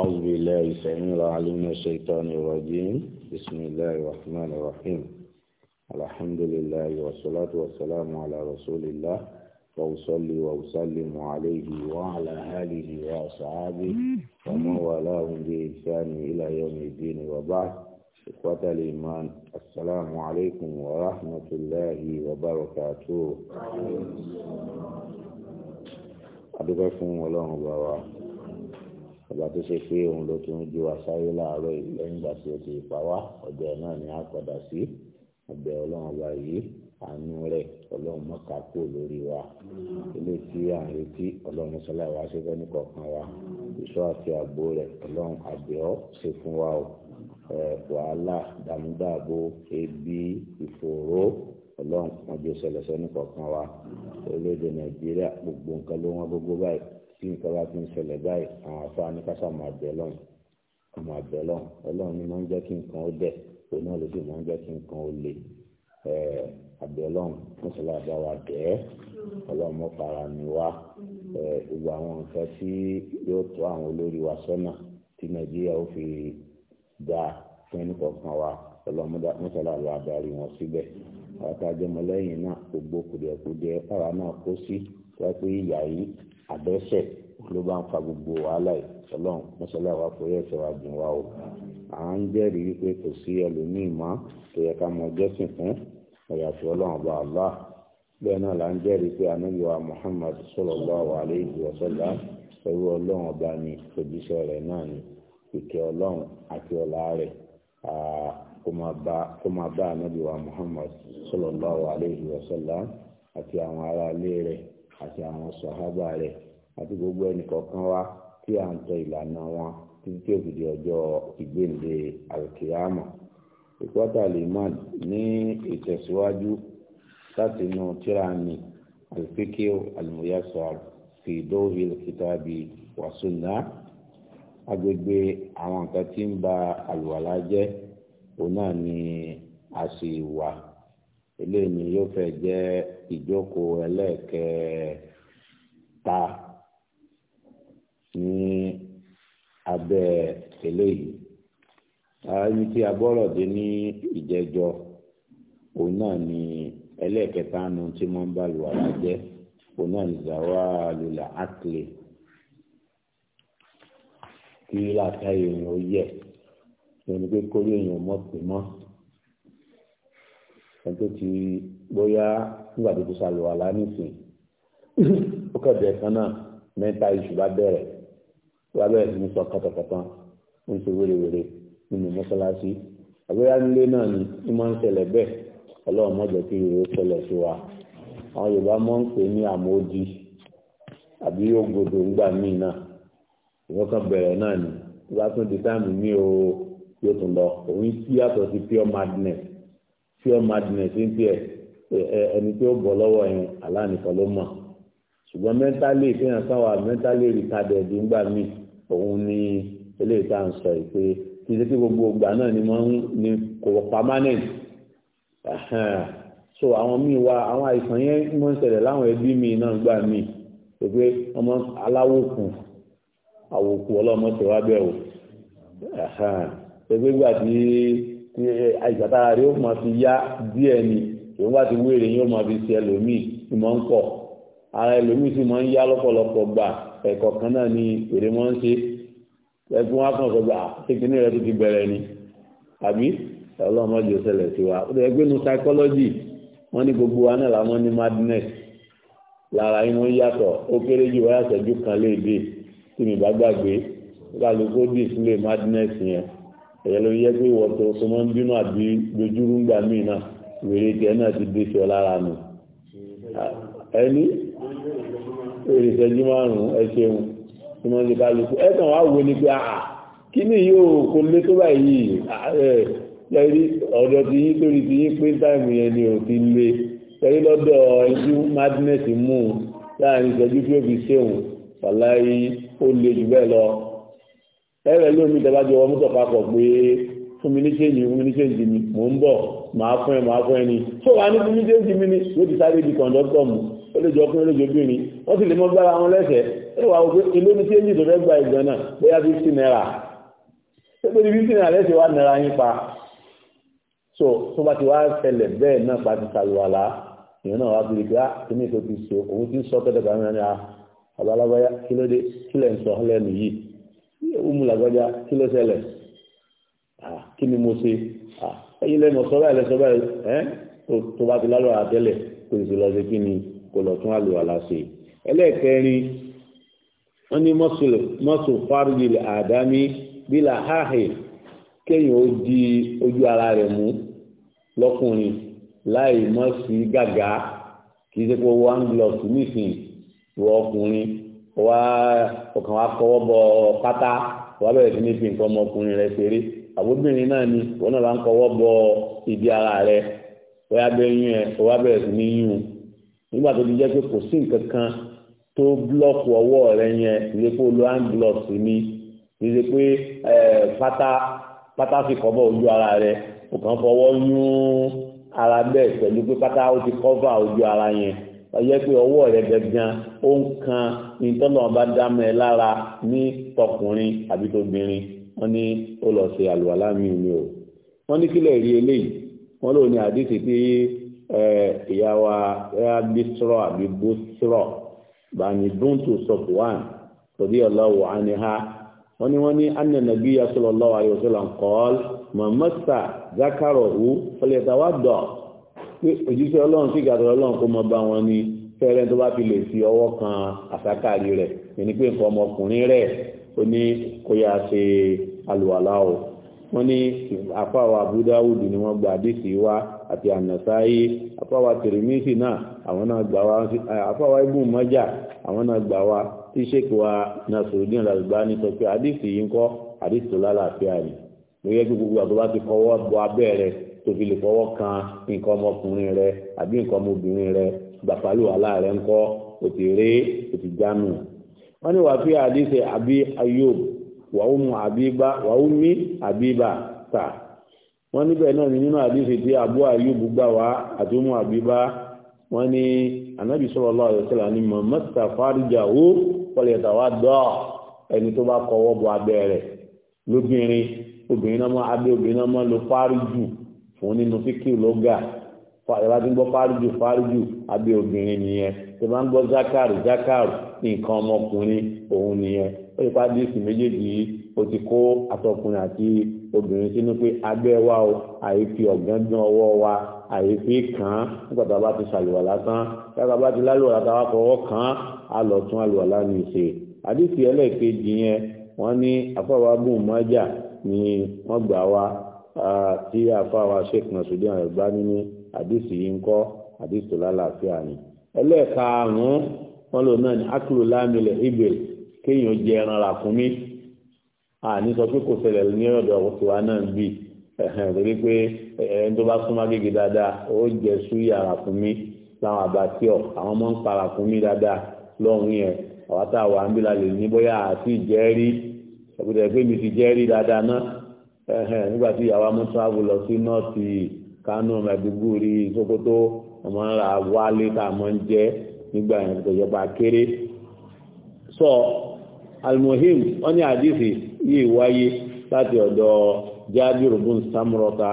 أعوذ بالله السميع العليم من الشيطان الرجيم بسم الله الرحمن الرحيم الحمد لله والصلاة والسلام على رسول الله وأصلي وأسلم عليه وعلى آله وأصحابه ومن والاهم بإحسان إلى يوم الدين وبعد إخوة الإيمان السلام عليكم ورحمة الله وبركاته أدعوكم الله وبركاته ọba tó ṣe pé òun ló tún ju aṣáyé láàárọ̀ yìí lẹ́yìn ìgbà tí ó ti pa wá ọjọ́ náà ni a padà sí ọbẹ̀ ọlọ́run ọba yìí àánú rẹ̀ ọlọ́run mọ́ka kúrò lórí wa ilé tí à ń retí ọlọ́run mọ́sálà wa ṣe fẹ́ nìkọ̀ọ̀kan wa ìṣọ́ àti ààbò rẹ̀ ọlọ́run àbẹ̀ọ́ ṣe fún wa o wàhálà dàmúdàbò ebi ìfòòró ọlọ́run wọn jẹ́ ṣẹlẹ̀ sẹ́nìkọ̀ọ̀kan wa orílẹ̀-èdè nàìjíríà gbogbo nǹkan ló wọ́n gbogbo báyìí tí nǹkan bá ti ń ṣẹlẹ̀ báyìí àwọn afá ní ká sáà máa bẹ̀ lọ́hùn ká máa bẹ̀ lọ́hùn ọlọ́run ni máa ń jẹ́ kí nǹkan ó dẹ̀ òun náà ló sì máa ń jẹ́ kí nǹkan ó le àbẹ̀ lọ́hùn mọ́sálà bá wa bẹ̀ ẹ́ ọlọ́run mọ́ fara mi wá gbogbo àwọn nǹkan tí yóò tó àwọn olórí wa sọ́nà tí nàìjíríà ó fi dá fún ẹnì wa ọlọ́run mọ́sálà ló adarí wọn síbẹ̀ àwọn tá a jẹ́ mọ́lẹ́yìn náà gbogbo kùdìẹ̀kùdìẹ̀ káwa náà kó sí wáá pé ìyá yìí àbẹ́sẹ̀ ló bá ń fa gbogbo wàhálà yìí ọlọ́run mọ́sálà wa forí ẹ̀ṣẹ̀ wa jìn wá o à ń jẹ́rìí wípé kò sí ẹlòmíì mọ́ tó yẹ ká mọ jẹ́sìn fún ọ̀yàfi ọlọ́run ọba Allah bẹ́ẹ̀ náà là ń jẹ́rìí pé ànábì wa Muhammad sallallahu alayhi wa sallam ẹrú ọlọ́run ọba ni òjíṣẹ́ rẹ̀ náà ni ìkẹ́ ọlọ́run àti ọlá rẹ̀ kó máa bá ànábì wa Muhammad sallallahu alayhi wa sallam àti àwọn ará rẹ̀ àti àwọn sọ̀hábà rẹ̀ àti gbogbo ẹnìkọ̀ọ̀kan wa tí à ń tọ ìlànà wọn títí tí òfin di ọjọ́ ìgbéǹde alkiyama ìpọ́tà lèman ní ìtẹ̀síwájú láti inú tíráàmì alfikir almuyassar fi dóhìl kitabi wa sunna agbègbè àwọn nǹkan tí ń ba àlùwàlá jẹ́ òun náà ni a sì wà eléyìí ni yóò fẹ́ jẹ́ ìjókòó ẹlẹ́ẹ̀kẹta ní abẹ́ eléyìí ẹni tí a gbọ́rọ̀ dé ní ìjẹjọ òun náà ni ẹlẹ́ẹ̀kẹta nu tí wọ́n ń bá lu ara jẹ́ òun náà ni zawa lula akle kí látàrí èèyàn ó yẹ ẹni pé kórè èèyàn mọ̀ pé mọ́ ẹni tó ti bóyá nígbà tó ti ṣàlùwàlá nísìn ó kẹ̀dẹ̀ kan náà mẹ́ta iṣu bá bẹ̀rẹ̀ wá bẹ̀rẹ̀ sí ní sọ kọ̀tọ̀kọ̀tàn ń ṣe wérewère nínú mọ́ṣáláṣí àbúrò nílé náà ni ní máa ń ṣẹlẹ̀ bẹ́ẹ̀ ọlọ́run mọ́jọ kí ìrò ṣẹlẹ̀ sí wa àwọn yorùbá mọ́ ń pè ní àmódi àbí ògbòdò ńgbà míì náà ìfọkàn bẹ̀rẹ̀ náà ni ìgbà tún di táàmù o yóò tún lọ òun sí yàtọ̀ sí pure madness tí ọ madness ń tiẹ̀ ẹni tí ó bọ̀ lọ́wọ́ yẹn aláǹkan ló mọ̀ ṣùgbọ́n mẹ́ntálì ìfihàn sáwà mẹ́ntálì retarded ńgbà míì òun ni eléyìí tá à ń sọ yìí pé kí ṣe kí gbogbo ìgbà náà ni wọ́n ní kò permanent so àwọn míì wá àwọn àìsàn yẹn mọ́ ń ṣẹlẹ̀ láwọn ẹbí míì náà gbà míì pé ọmọ aláwòkù àwòkù ọlọ́mọ tẹ̀wá bẹ́ẹ̀ o pé gbà tí àìsàtara rẹ̀ ó máa fi yá díẹ̀ ni òun bá ti wéèrè yóò máa fi ṣe ẹlòmíì tí máa ń pọ̀ ara ẹlòmíì sì máa ń yá lọ́pọ̀lọpọ̀ gbà ẹ̀kọ́ kan náà ni èrè máa ń ṣe ẹgbẹ́ wọn kàn sọ pé àtẹkíní rẹ tó ti bẹ̀rẹ̀ ni àbí ọlọ́mọdé ṣẹlẹ̀ sí wa ó ẹgbẹ́ nu psychology wọ́n ní gbogbo wa náà làwọn ní madness lára yín wọ́n yàtọ̀ ó kéré jù wáyà ṣẹ́jú kan léde tí mi bá gbàgbé kálukó display madness yẹn èyàn ló yẹ pé ìwọ tó súnmọ́ ń bínú àbí lójúrú ń gbà míì náà wèrè tiẹ̀ náà ti dé sí ọ lára nù ẹni wèrè ìṣẹ́jú márùn-ún ẹ ṣeun tí wọ́n ti kálukú ẹ kàn wá wo ni pé àà ah, ah, kí ni yóò kó lé tó báyìí lẹ́rí ah, ọ̀dọ̀ ti yín torí ti madness mú un láàrin ìṣẹ́jú tí ó fi ṣéun wàláyé ó le ẹ̀rẹ̀ lómi ìdábàjọ́ ọmọ mọ́tò pé fún mi ní ṣéǹjì fún mi ní ṣéǹjì mi mò ń bọ̀ màá fún ẹ màá fún ẹ ni tó wà ní fún mi ṣéǹjì mi ni ló ti sáré di kọ̀ǹdọ́tọ̀ mu ó lè jọ ọkùnrin ó lè jọ obìnrin wọ́n sì lè mọ́ gbára wọn lẹ́sẹ̀ ẹ wà wọ́n pé èló ní ṣéǹjì tó fẹ́ gba ìgbọ̀n náà bóyá fifty naira tó pé ní fifty naira lẹ́sẹ̀ wà náírà yín pa so tó bá ti wá ṣẹlẹ̀ bẹ́ẹ̀ náà pa ti ṣàlùwàlá ìyẹn náà wá bìrì pé á ah, kíní tó ti so òun ti sọ tẹ́lẹ̀ Umu mú làgbájá kí ló ṣẹlẹ̀ kí ni mo ṣe ẹ̀yin lẹ́nu sọ́bà ẹ̀ lẹ́sọ́bà ẹ̀ tó bá ti lálọ́ àtẹ́lẹ̀ kò sì lọ sí kí ni kò lọ tún àlùwàlá ṣe ẹlẹ́ẹ̀kẹrin wọ́n ní mọ́sù fárúgìlì àdámi bílà háhì kéèyàn ó di ojú ara rẹ̀ mú lọ́kùnrin láì mọ́ sí gàgà kì í ṣe pé one glove nísìnyí wọ ọkùnrin wá ọkàn wa kọwọ́ bọ pátá wà bẹ̀rẹ̀ sí ní fi nǹkan ọmọkùnrin rẹ̀ ṣeré àbóbìnrin náà ni wọn náà bá ń kọwọ́ bọ ìdí ara rẹ̀ wọ́n abẹ́ yún ẹ wọ́n abẹ́rẹ́ sí ní yún nígbà tó ti jẹ́ pé kò sí nǹkan kan tó búlọ́ọ̀kù ọwọ́ rẹ yẹn ilé pé olú hand gloves ni ilé pé pátá pátá fi kọ́bọ̀ ojú ara rẹ kò kàn fọwọ́ yún ara bẹ́ẹ̀ pẹ̀lú pé pátá ó ti kọ́fà ojú ara yẹn ọyẹ pé ọwọ́ rẹ gẹ́gẹ́ ó ń kan ìtọ́lọ̀ bá dámọ̀ ẹ lára ní tọkùnrin àbí tóbìnrin wọ́n ní ó lọ ṣe àlùwàlá mi ni o wọ́n ní kílẹ̀ rí eléyìí wọ́n lò ní àdìsí tí ìyá wa ẹ̀yà bísírọ̀ àbí bósírọ̀ bani dúntù sọ̀tùwàn tòbí ọlọ́wọ́ àníhá wọ́n ní wọ́n ní anànàbí yasọ̀lọ́lọ́wọ́ àyọ̀sọ̀lọ́ kọ́ọ́l mọ̀mọ́sà zákàrọ̀ wú fọlẹ́tàwádọ́ọ̀ pé òjíṣẹ́ ọlọ́run sí ìgbàdọ̀ ọlọ́run kó mọ bá wọn ni fẹ́rẹ́ tó bá fi lè fi ọwọ́ kan àsákàrí rẹ̀ ẹni pé nǹkan ọmọkùnrin rẹ̀ ó ní kó yá ṣe alùwàlá wọ́n ní àfáwà abúdáwùdù ni wọ́n gba àdìsí wá àti ànàsáyé àfáwà tìrìmísì náà àwọn náà gbà wá àfáwà ibùn mọ́jà àwọn náà gbà wá tí ṣèkì wa Nasruddin Al-Albani sọ pé àdìsí yìí ń kọ́ àdìsí tó lálàáfíà ni lóyẹ́ gbogbo àtọ́wá ti kọ́wọ́ bọ abẹ́rẹ́ tóbi lè fọwọ́ kan nǹkan ọmọkùnrin rẹ àbí nǹkan ọmọbìnrin rẹ gbàpálù aláàrẹ ńkọ́ òtì ré òtì jánu. wọ́n ní wàá fi àdìsẹ àbí Ayub wàhùnmù àbíbá wàhùnmí àbíbá ta wọ́n níbẹ̀ náà ní nínú àdìsẹ tí Abu Ayub gbà wá àti ọmọ àbíbá wọ́n ní anabi sallallahu alaihi wasallam ní mọ̀mọ́ta fáríjàwó pọ̀lẹ̀tàwá dọ́ ẹni tó bá kọwọ́ bọ abẹ́ rẹ̀ lóbìnrin obìnrin náà mọ́ abẹ́ obìnrin náà mọ́ ló fárí jù òun nínú fíkì lọ́gà ìwà tí ń gbọ́ fáríjù fáríjù abẹ́ obìnrin nìyẹn tí wọ́n ń gbọ́ zákàrù zákàrù nǹkan ọmọkùnrin òun nìyẹn ó lè pàdé ìsìn méjèèjì yìí ó ti kó àtọkùnrin àti obìnrin sínú pé abẹ́ wa o àyèfi ọ̀gángán ọwọ́ wa àyèfi kàn án nígbà tá a bá ti ṣàlùwà lásán nígbà tá a bá ti lálùwà lásán wá fọwọ́ kàn án á lọ tún àlùwà lánàá ìṣe àdìsí ẹlẹ́ẹ̀kejì yẹn wọ́n ní afọwágùn ni wọ́n gbà wá tí àfáwà sheikh Nasruddin Albani ní àdìsí yìí ń kọ́ àdìsí tó lálàáfíà ni ẹlẹ́ẹ̀karùn-ún wọn lò náà ní akílò lámìlẹ̀ ibèl kéèyàn jẹ ẹran ràkúnmí àní sọ pé kò ṣẹlẹ̀ ní ọ̀dọ̀ tiwa náà bí torí pé ẹni tó bá súnmọ́ gègé dáadáa ó jẹ súyà ràkúnmí láwọn àbátíọ̀ àwọn ọmọ ń pa ràkúnmí dáadáa lọ́hùn yẹn àwọn táwa ń bí lálẹ́ ní bóyá àti ìjẹ́rí ẹ̀kútẹ̀ pé mi ti jẹ́rí dáadáa náà nígbà tí ìyàwó amútúwàbù lọ sí nọ́ọ̀tì kánò mẹ́dúgbùrì Sókótó ọmọ ńlá wálé tá a mọ́ ń jẹ́ nígbà yẹn tó yọpa kéré sọ almuhim wọ́n ní àdìsí yìí wáyé láti ọ̀dọ̀ jábìrì bùn samurọ́ta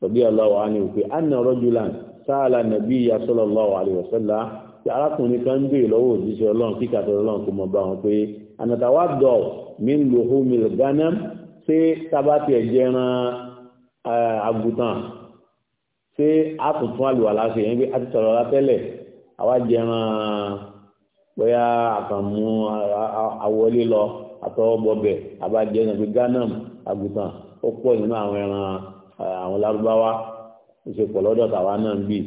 tọ́bí ọlọ́wọ́ á ní wípé anna rajulan sáàlà nàbí ìyá sallallahu alaihi wasallam tí arákùnrin kan ń bèèrè lọ́wọ́ òjíṣẹ́ ọlọ́run kíkà tó ọlọ́run kò mọ̀ bá wọn pé anatawa dọ̀ mí lòhùn mi gánà ṣé sábàtì ẹ̀jẹ̀ ran àgùntàn ṣé àtúntún àlùwàlá ṣe yẹn pé a ti sọ̀rọ̀ ọ̀la tẹ́lẹ̀ àwa jẹran bóyá àkànmú àwọlé lọ àtọwọ́bọbẹ̀ àbájẹran pé ghanam àgùntàn ó pọ̀ nínú àwọn ẹran àwọn lárúbáwá ìṣepọ̀ lọ́dọ̀ tàwa náà ń bì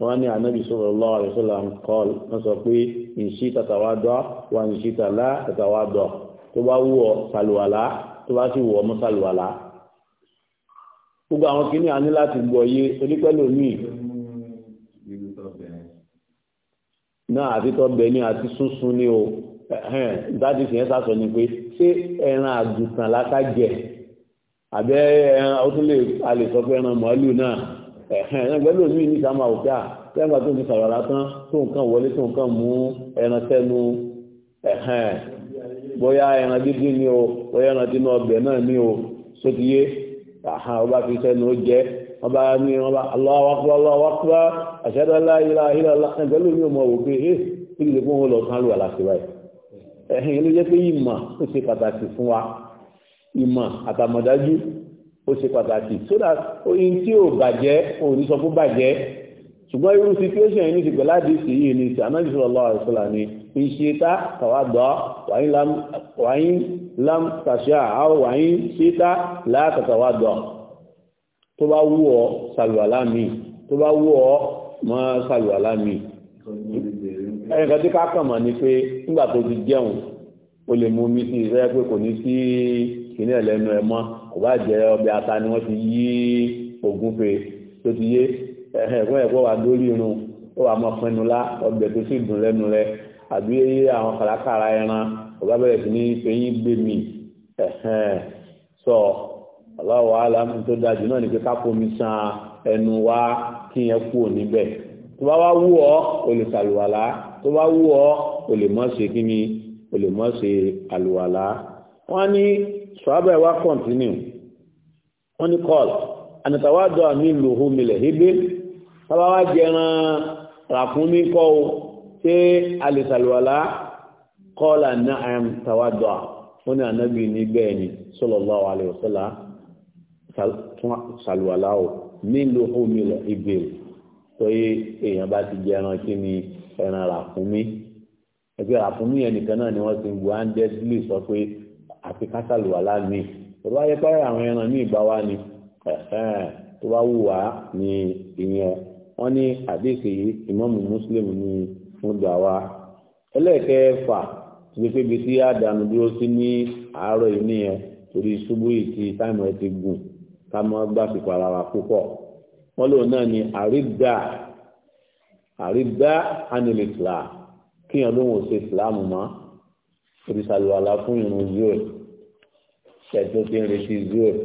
wọ́n ní ànábì sallallahu alaihi wasallam kọ́ọ̀lù wọ́n sọ pé ìṣí tàtàwádọ́ wà ìṣí tàlá tàtàwádọ́ tó bá wù ọ́ sàlùwàlá tó bá sì wọ ọmọ sàlùwàlá gbogbo àwọn kìíní a ní láti gbọ́ yé onípẹ́lú míì náà àti tọ́bẹ̀ ní àti súnsún ní o dájú sí yẹn sásọ ni pé ṣé ẹran àgùntàn lákàjẹ àbẹ́ ẹran ó tún lè a lè sọ pé ẹran màálù náà ẹgbẹ́lú míì ní sàmà òkè à tẹ́gbà tó ti sàrọ̀lá tán tó nǹkan wọlé tó nǹkan mú ẹran sẹ́nu bóyá ẹran dídín ni o bóyá ẹran dínú ọbẹ̀ náà ni o sótìyé àhàn ọba fi sẹ́nu ó jẹ́ wọ́n bá ní wọ́n bá Allahu Akbar Allahu Akbar ashhadu an la ilaha illallah ẹgbẹ́ ló ní ọmọ òkè ẹ́ kí ló lè fún wọn lọ sán lù àlàsì báyìí ẹ̀hìn ló jẹ́ pé ìmọ̀ ó ṣe pàtàkì fún wa ìmọ̀ àtàmọ̀dájú ó ṣe pàtàkì so that oyin tí ò bàjẹ́ òun ní sọ fún bàjẹ́ ṣùgbọ́n irú situation yìí ní ti pẹ̀lá ìṣíta tàwádọ́ wáyín lam tàṣà àwọn wáyín síta látàtàwádọ́ tó bá wú ọ sàlùwàlá mi tó bá wú ọ mọ́ sàlùwàlá mi ẹnìkan tí ká kàn mọ̀ ni pé nígbà tó ti jẹun o lè mú omi sí ìfẹ́ pé kò ní sí kìnìún ẹlẹ́nu ẹ̀ kò bá jẹ́ ọbẹ̀ ata ni wọ́n ti yí ògúnfe tó ti yé ẹ̀hẹ̀ ẹ̀kọ́ ẹ̀kọ́ wà dórí irun ó wà mọ́ pinnu lá ọbẹ̀ tó sì dùn lẹ́nu rẹ̀ àbí àwọn kàlákàrà ẹran ọba bẹ̀rẹ̀ sí ní fẹ̀yìn gbé mi ẹ̀hẹ́n sọ aláwọ̀ aláàmù tó dájú náà ní pé ká fomi ṣan ẹnu wa kí yẹn kúrò níbẹ̀ tó bá wá wú ọ o lè ṣàlùwàlá tó bá wú ọ o lè mọ́ ṣe kí ni o lè mọ́ ṣe àlùwàlá wọ́n ní sọ́ábẹ̀ wa kọ̀ǹtínú wọ́n ní kọ́ọ̀lù ànàtàwádọ́ àmì ìlú ohun milẹ̀ hébé tábáwá jẹran ràkúnmí kọ́ o ṣé alìsàlùwàlá kọ́ọ̀là na'am tawaddu'a ó ní ànábì ní bẹ́ẹ̀ ni sallallahu alaihi wasallam sàlùwàlá ò nílò omi lọ ìbèrè tó yé èèyàn bá ti jẹ ẹran kí ni ẹran ràkúnmí ẹgbẹ́ ràkúnmí yẹn nìkan náà ni wọ́n ti ń bu andesli sọ pé àti kásàlùwàlá ni tó bá yẹ pé àwọn ẹran ní ìgbà wa ni tó bá wù wá ni ìyẹn wọ́n ní àdéhùn ìmọ̀mù mùsùlùmí ni fún gbà wá ẹlẹ́ẹ̀kẹfà ti di pé ibi tí àdánù dúró sí ní àárọ̀ yìí nìyẹn torí ṣubú yìí ti táìmù ẹ ti gùn ká mọ́ gbàsìkò ara wa púpọ̀ wọ́n lóun náà ni àrídà àrídà anil islam kíyàn lóun ò ṣe islam mọ́ torí ṣàlùwàlà fún irun zoro ṣẹ̀tún ti ń retí zoro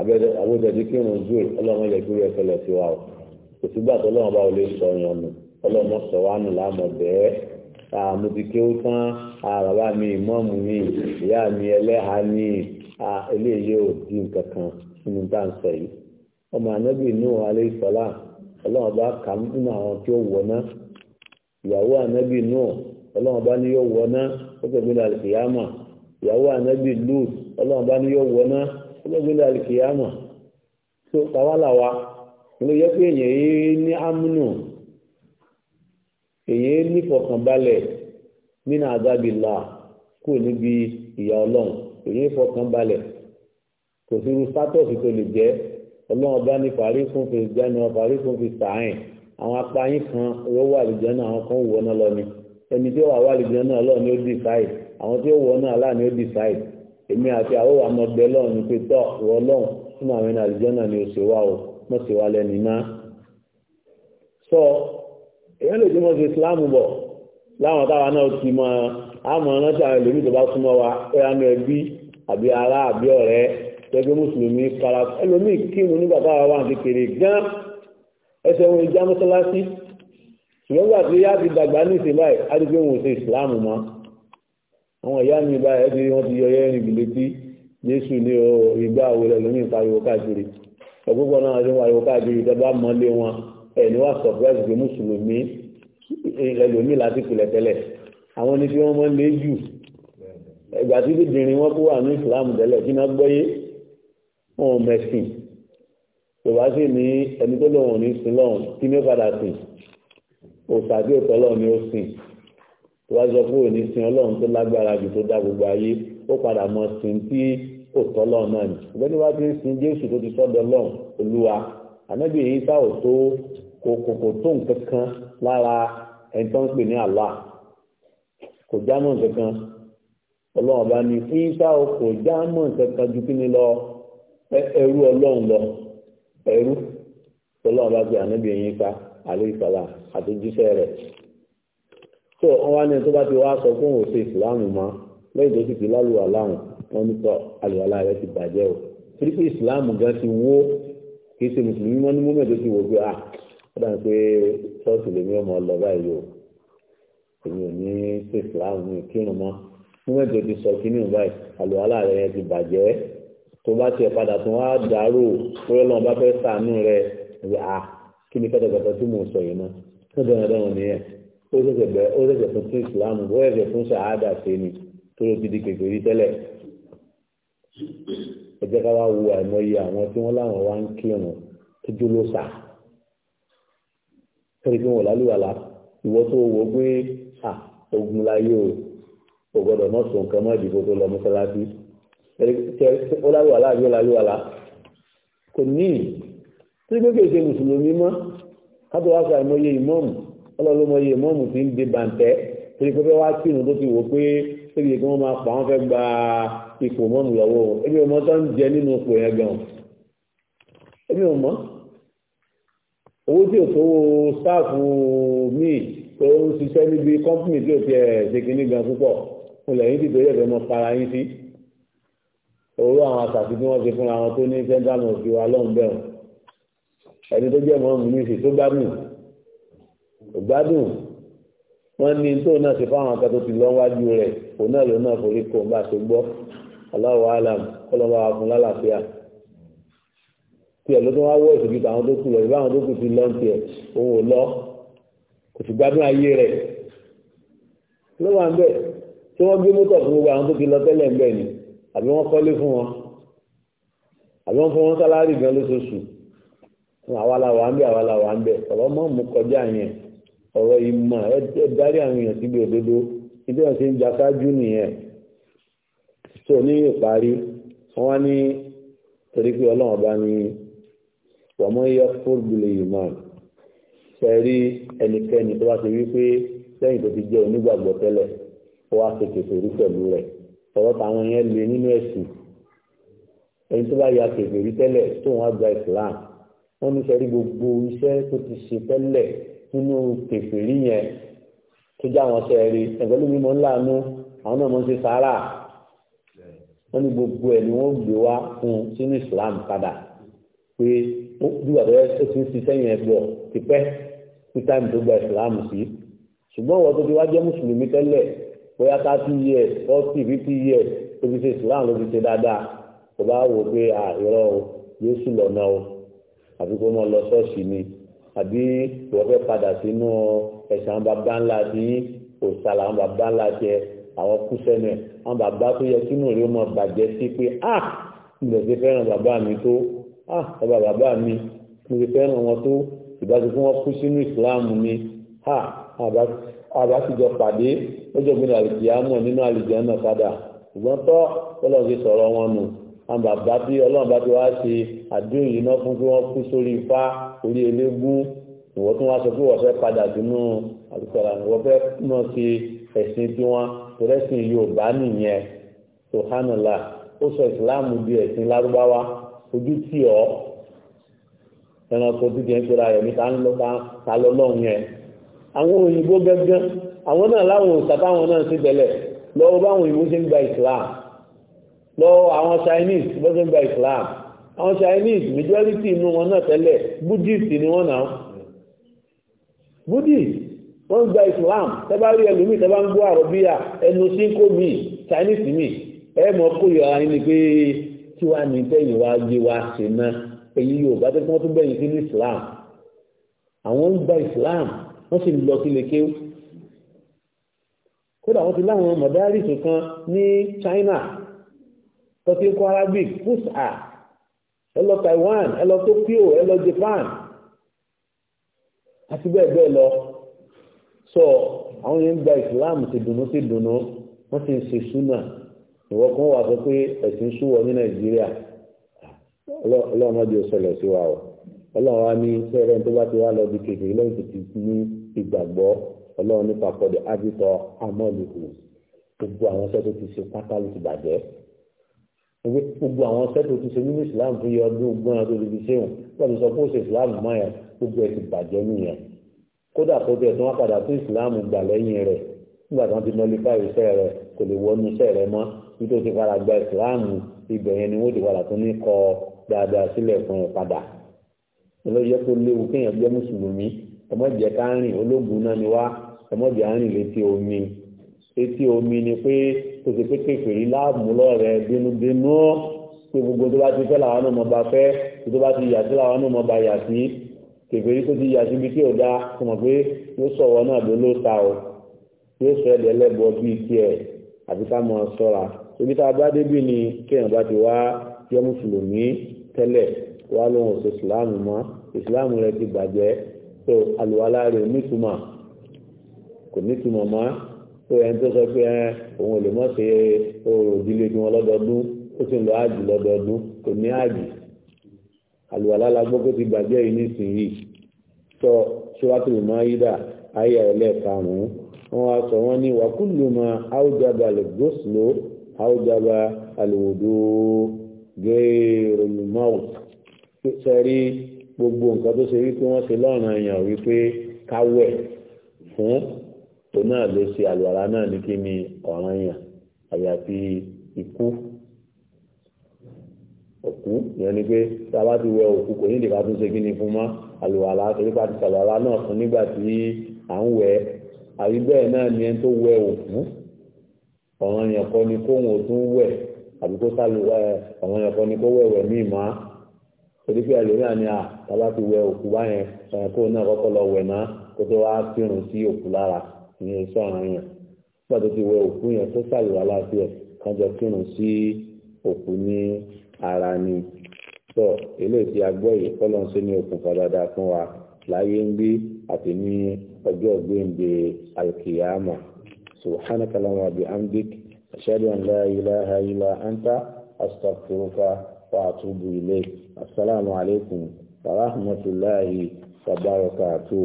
abẹ́dẹ̀dẹ̀ kírun zoro ọlọ́run ilẹ̀ kúrò ẹ̀fẹ́lẹ̀ sí wa o kò tó lọ́wọ́ bá wọlé sọ yẹn nù ọlọ́mọ sọ̀wánù láàmọ̀ bẹ́ẹ̀ àmọ́ ti kí tán bàbá mi mi ìyá mi ẹlẹ́ha ní eléyìí ò di nǹkan kan nínú tá ń sọ yìí ọmọ anábì inú alẹ́ ọlọ́run bá kà nínú àwọn tí ó wọ̀ náà ìyàwó anábì inú ọlọ́run bá ní yóò ó tẹ̀lé ní ìyàwó anábì lù ọlọ́run bá ní yóò ó tẹ̀lé ní tó ló yẹ èèyàn yìí ní èyí nífọ̀kànbalẹ̀ nínú àgábìlà kò níbi ìyá ọlọ́run èyí nífọ̀kànbalẹ̀ kò sí irú sátọ̀sì tó lè jẹ́ ọlọ́run ọba ní fàárí fún fi jáde wọn fàárí fún fi sàáyìn àwọn apáyín kan ló wà lìjẹ́ náà àwọn kan wọ̀ náà lọ ni ẹni tí ó wà wà lìjẹ́ náà lọ́ọ̀ ni ó dì sáì àwọn tí ó wọ̀ náà láà ni ó dì sáì èmi àti àwọn àmọ̀gbẹ́ lọ́ọ̀ ni pé tọ́ ìwọ lọ́hùn fún àwọn ẹni àlìjẹ́ náà ni ó ṣèwà o mọ̀ ṣèwà lẹ́ni náà sọ èyàn lè túnmọ̀ sí ìsìláàmù bọ̀ láwọn táwa náà ti mọ àmọ́ rántí àwọn ẹlòmí tó bá súnmọ́ wa pé àánú ẹbí àbí ará àbí ọ̀rẹ́ tẹ́gbẹ́ mùsùlùmí para ẹlòmí kírun nígbà táwa wà kékeré gán ẹsẹ̀ wọn ìjà mọ́sálásí ṣùgbọ́n gbà tí yá ti dàgbà ní ìsìn báyìí á ti pé wọn ò ṣe ìsìláàmù mọ́ àwọn ìyá mi báyìí ẹ ti wọ́n ti yọ yẹ́rìn ẹni wá surprise pé mùsùlùmí ẹlòmíì láti pilẹ̀ tẹ́lẹ̀ àwọn ni tí wọ́n mọ́ lé jù ẹgbà tí dídìrín wọn kó wà ní ìsìlámù tẹ́lẹ̀ kí náà gbọ́yé wọn ò mẹ̀sìn yorùbá sì ní ẹni tó lòun ò ní sin lọ́hùn kí ní ó padà sìn òòsà tí òòtọ́ lọ́hùn ni ó sìn tó wá sọ pé òní sin ọlọ́run tó lágbára jù tó dá gbogbo ayé ó padà mọ sin tí òòtọ́ lọ́hùn náà ni ọ̀gbẹ́ni wá ti ń sin jésù tó ti sọ́dọ̀ lọ́hùn olúwa ànábì èyí sáwò tó kò kòkò tó nǹkan kan lára ẹni tó ń pè ní Allah kò jámọ̀ nǹkan kan ọlọ́run bá ní fún yíṣà o kò jámọ̀ nǹkan kan ju kíni lọ ẹrú ọlọ́run lọ ẹrú ọlọ́run bá gbé ànábì yín ká àlẹ́ ìsàlà àtúnjíṣẹ́ rẹ̀ tó wọn wá ní tó bá ti wá sọ fún òun ṣe ìsìláàmù mọ́ lẹ́yìn tó sì ti lálùwà láwọn wọn ní sọ àlùwàlá rẹ ti bàjẹ́ o torí ìsìláàmù gan ti wó kì í ṣe mùsùlùmí mọ́ ní mọ́mẹ́ tó ti wò pé ah ó dàbí pé ṣọ́ọ̀ṣì lèmi ọmọ lọ báyìí o èmi ò ní ṣe islam mi kírun mọ́ níwọ̀n tó ti sọ kínní báyìí àlùhálà rẹ̀ yẹn ti bàjẹ́ tó bá tiẹ̀ padà tó wá dàrú wọ́n lọ́n bá fẹ́ sàánú rẹ̀ ẹ̀ à ah, kí ni kẹ́tẹ̀kẹ́tẹ̀ tí mò ń sọ yìí náà tó dẹ̀rẹ̀ dẹ̀rẹ̀ nìyẹn ó ṣẹ̀ṣẹ̀ bẹ̀ ó ṣẹ̀ṣẹ̀ fún sí islam ó ṣẹ̀ṣẹ̀ fún ṣàhádà sí ni tó ló ti di kékeré tẹ́lẹ̀ ẹ jẹ́ ká wá wo àìmọye àwọn tí wọ́n láwọn wá ń kírun tó jó ló sàá torí bí wọn lálùwàlà ìwọ tó wọ pé à ogun láyé o kò gbọdọ̀ náà sọ nǹkan mọ́ ìdìbò tó lọ mọ́sálásí ó lálùwàlà àbí ó lálùwàlà kò ní tí gbogbo èdè mùsùlùmí mọ́ kátó wá fà ìmọye ìmọ̀mù ọlọ́lọ́mọye ìmọ̀mù ti ń di bàǹtẹ́ torí pé wá sínú tó ti wò pé ebi kí wọ́n máa pa wọ́n fẹ́ gba ipò mọ́mù lọ́wọ́ ebi ọmọ tó ń jẹ nínú ipò yẹn gan ebi ọmọ owó tí ò tó sáàfù míì tó ń ṣiṣẹ́ níbi kọ́mpìnì tí ò ti ẹ̀ ṣe kìíní gan púpọ̀ ilẹ̀ yìí ti torí ẹ̀fẹ̀ mọ́ para yín sí owó àwọn àṣàfi tí wọ́n ṣe fúnra wọn tó ní central north fi wa lọ́hùn bẹ́ẹ̀ ẹni tó jẹ́ mọ́ọ̀mù ní ìsìn tó gbádùn kò gbádùn wọ́n ní tó náà ṣe fáwọn akẹ́tọ́ ti lọ́ wájú rẹ̀ òun náà lòun náà forí kò ń bá ṣe gbọ́ aláwọ̀ alam kọ́lọ́ bá wa fún lálàáfíà tiẹ̀ ló tó wá wọ́ ìṣòbí tàwọn tó kù lọ ìbáwọn tó kù ti lọ tiẹ̀ òun ò lọ kò sì gbádùn ayé rẹ̀ ló wà ń bẹ̀ tí wọ́n gbé mọ́tò fún gbogbo àwọn tó ti lọ tẹ́lẹ̀ ń bẹ̀ ni àbí wọ́n kọ́lé fún wọn àbí wọ́n fún wọn sálárì gan lóṣooṣù fún àwa la wà ń bẹ̀ àwa la wà ń bẹ̀ ọ̀rọ̀ mọ́ mú kọjá yẹn ọ̀rọ̀ ìmọ̀ ẹ darí àwọn èèyàn síbi torí pé ọlọ́run ọba ní wọ́n yẹ fúrúbùlẹ̀ ìmọ̀ sẹ́rí ẹnikẹ́ni tó bá ti wí pé lẹ́yìn tó ti jẹ́ onígbàgbọ́ tẹ́lẹ̀ ó wá ṣe kèfèrí pẹ̀lú rẹ̀ ọ̀rọ̀ táwọn yẹn lè nínú ẹ̀sìn ẹni tó bá ya kèfèrí tẹ́lẹ̀ tó wọ́n gba Islam wọ́n ní sẹ́rí gbogbo iṣẹ́ tó ti ṣe tẹ́lẹ̀ nínú kèfèrí yẹn tó já wọn sẹ́rí ẹ̀gbẹ́ lómi mọ́ ńláàánú àwọn náà mọ́ ṣe sàárà wọ́n ní gbogbo ẹ̀ ni wọ́n gbé wá fún sínú Islam padà pé ó dùgbà tó yẹ ó ti ń ṣiṣẹ́ yẹn bọ̀ tipẹ́ tí táìmù tó gba ìsìláàmù sí ṣùgbọ́n wọ́n tó ti wá jẹ́ mùsùlùmí tẹ́lẹ̀ bóyá thirty years forty fifty years tó fi ṣe ìsìláàmù ló fi ṣe dáadáa kò bá wò pé àìrọ̀ o Jésù lọ́nà o àbí kó mọ̀ lọ ṣọ́ọ̀ṣì ni àbí wọ́n fẹ́ padà sínú ẹ̀sìn àwọn bàbá ńlá ti yín òṣàlà àwọn bàbá ńlá tiẹ̀ àwọn kúsẹ́nù àwọn bàbá tó yẹ kínú rẹ̀ ó mọ̀ bàjẹ́ sí pé ah ìgbẹ̀sẹ̀ fẹ́ràn bàbá mi tó ah bàbá bàbá mi mo ti fẹ́ràn wọn tó ìbáṣe fún wọn kú sínú ìsìláàmù ni ah àbá ti jọ pàdé lọ́jọ́ gbé àlùkìyàmọ̀ nínú àlùjẹ́ náà padà ṣùgbọ́n tọ́ ọlọ́run ti sọ̀rọ̀ wọn nù àwọn bàbá tí ọlọ́run bá ti wá ṣe àdéhùn yìí náà fún kí wọ́n kú sórí ifá orí eléégún ìwọ tún wá sọ pé wọ́n fẹ́ padà sínú àlùkọ́lá wọ́n fẹ́ mọ̀ sí ẹ̀sìn tiwọn tòrẹ́sìn Yorùbá nìyẹn sọ̀hánàlá ó sọ ìsìláàmù di ẹ̀sìn lárúbáwá ojú tì ọ́ ẹranko dídì ń pera rẹ̀ ní ta ń lọ ta lọ lọ́hùn yẹn àwọn òyìnbó gẹ́gẹ́ àwọn náà láwọn òòṣà táwọn náà sí tẹ́lẹ̀ lọ́wọ́ báwọn òyìnbó ṣe ń gba Islam lọ́wọ́ àwọn Chinese bó ṣe ń gba Islam àwọn Chinese majority inú wọn náà tẹ́lẹ̀ Buddhist ni wọ́n náà Buddhist wọ́n gba Islam tẹ́bá rí ẹlòmíì tẹ́bá ń gbọ́ àrọ̀bíyà ẹnu sínkó mi Chinese mi ẹ̀ mọ̀ kó yọ ara yín ni pé kí wàá ní tẹ́yìn wá gbé wá ṣe náà èyí yorùbá tó wọ́n tún bẹ̀yìn sí ní islam àwọn ń gba islam wọ́n sì lọ sí leke kódà wọ́n ti láwọn mọ̀dárìsì kan ní china tó ti kọ́ arabic pusa ẹ lọ taiwan ẹ lọ tokyo ẹ lọ japan àti bẹ́ẹ̀ bẹ́ẹ̀ lọ sọ àwọn yẹn ń gba islam ti dùnú sí dùnú wọ́n ti ń ṣe súnà ìwọ kan wà sọ pé ẹ̀sìn súwọ ní nàìjíríà ọlọ́run ọdí ọ̀sẹ̀lẹ̀ sí wa o ọlọ́run wa ní sẹ́rẹ̀ tó bá ti wá lọ bí kékeré lẹ́yìn tó ti ní ìgbàgbọ́ ọlọ́run nípa pọ̀dẹ̀ ábítọ̀ amọ́lùkù gbogbo àwọn sẹ́tò ti ṣe pátá ló ti bàjẹ́ gbogbo àwọn sẹ́tò ti ṣe nínú ìsìláàmù fún iye ọdún ogún àti olùdíṣẹ́hùn lọ́dún sọ pé ó ṣe ìsìláàmù mọ́ yẹn gbogbo ẹ̀ ti bàjẹ́ nìyẹn kódà tó tẹ̀ tó wọ́n padà tún ìsìláàmù gbà lẹ́yìn rẹ̀ nígbà tí wọ́n ti nọlifá ìṣe rẹ̀ kò lè wọnú iṣẹ́ rẹ̀ mọ́ bí tó ti padà gba ìsìláàmù ibẹ̀ yẹn ni wọ́n ti padà tó ní kọ dáadáa sílẹ̀ fún ẹ padà olóyè tó léwu kéèyàn jẹ́ mùsùlùmí ọmọdé ká ológun náà ni wá ọmọdé á létí omi létí omi ni pé tó ti pé kékeré láàmú lọ́rẹ̀ bínúbínú pé gbogbo tó bá ti fẹ́ làwọn ọmọ bá fẹ́ tó bá ti yà sí làwọn ọmọ bá yà sí kèfèrí tó ti yà síbi tí ò dá mọ̀ pé yóò sọ̀wọ́ náà ló ló ta o yóò sọ ẹ̀dẹ̀ ṣebí tá a bá débì ni kéèyàn bá ti wá jẹ́ mùsùlùmí tẹ́lẹ̀ wá lóhùn ọ̀sẹ̀ ìsìláàmù mọ́ ìsìláàmù rẹ̀ ti bàjẹ́ tó àlùwalá rẹ̀ nítumọ̀ kò nítumọ̀ mọ́ tó ẹni tó sọ pé ẹ òun ò lè mọ̀ ṣe orò ìdílé wọn lọ́dọọdún ó sì ń lọ áàjì lọ́dọọdún kò ní áàjì àlùwalá la gbọ́ pé ti bàjẹ́ yìí nísìnyí tó ṣíwájú ìmọ̀ ayídà ayé ẹ̀rọ lẹ́ẹ̀karùn-ún wọn wá sọ wọn ní wàkúlùmọ̀ áwùjábàlẹ̀ àwùjọba àlùwòdó gẹ́ẹ̀rọ mọ́ọ̀t sẹ́rí gbogbo nǹkan tó ṣe wípé wọ́n ṣe lọ́rùn èèyàn wípé káwẹ̀ fún òun náà ló ṣe àlùwàlá náà ní kí ni ọ̀ràn èèyàn àyàfi ikú òkú yẹn ni pé tá a bá ti wẹ òkú kò ní ìdìbò àtúnṣe kí ni fún mọ́ àlùwàlá torí pa ti náà fún nígbà tí à ń wẹ̀ àbí bẹ́ẹ̀ náà ni ẹni tó wẹ òkú ọ̀ràn yẹn kọ́ ni kóhun ò tún wẹ̀ àbí kó sálù ọ̀ràn yẹn kọ́ ni kó wẹ̀wẹ̀ míì má torí pé ẹlòmíà ni à tábà ti wẹ òkú báyẹn kóhun náà kọ́kọ́ lọ wẹ̀ ná kó tó wá kírun sí òkú lára ìyẹn iṣẹ́ ọ̀ràn yẹn nígbà tó ti wẹ òkú yẹn tó sálù aláàfíà kan jọ kírun sí òkú ní ara ni tó eléyìí tí yìí kọ́lọ́ ń ṣe ní okùnfà dáadáa fún wa láyé ń bí àti ní ọjọ́ gbéǹde alkiyama سبحانك اللهم وبحمدك أشهد أن لا إله إلا أنت أستغفرك وأتوب إليك السلام عليكم ورحمة الله وبركاته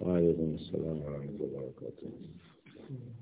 وعليكم السلام ورحمة الله وبركاته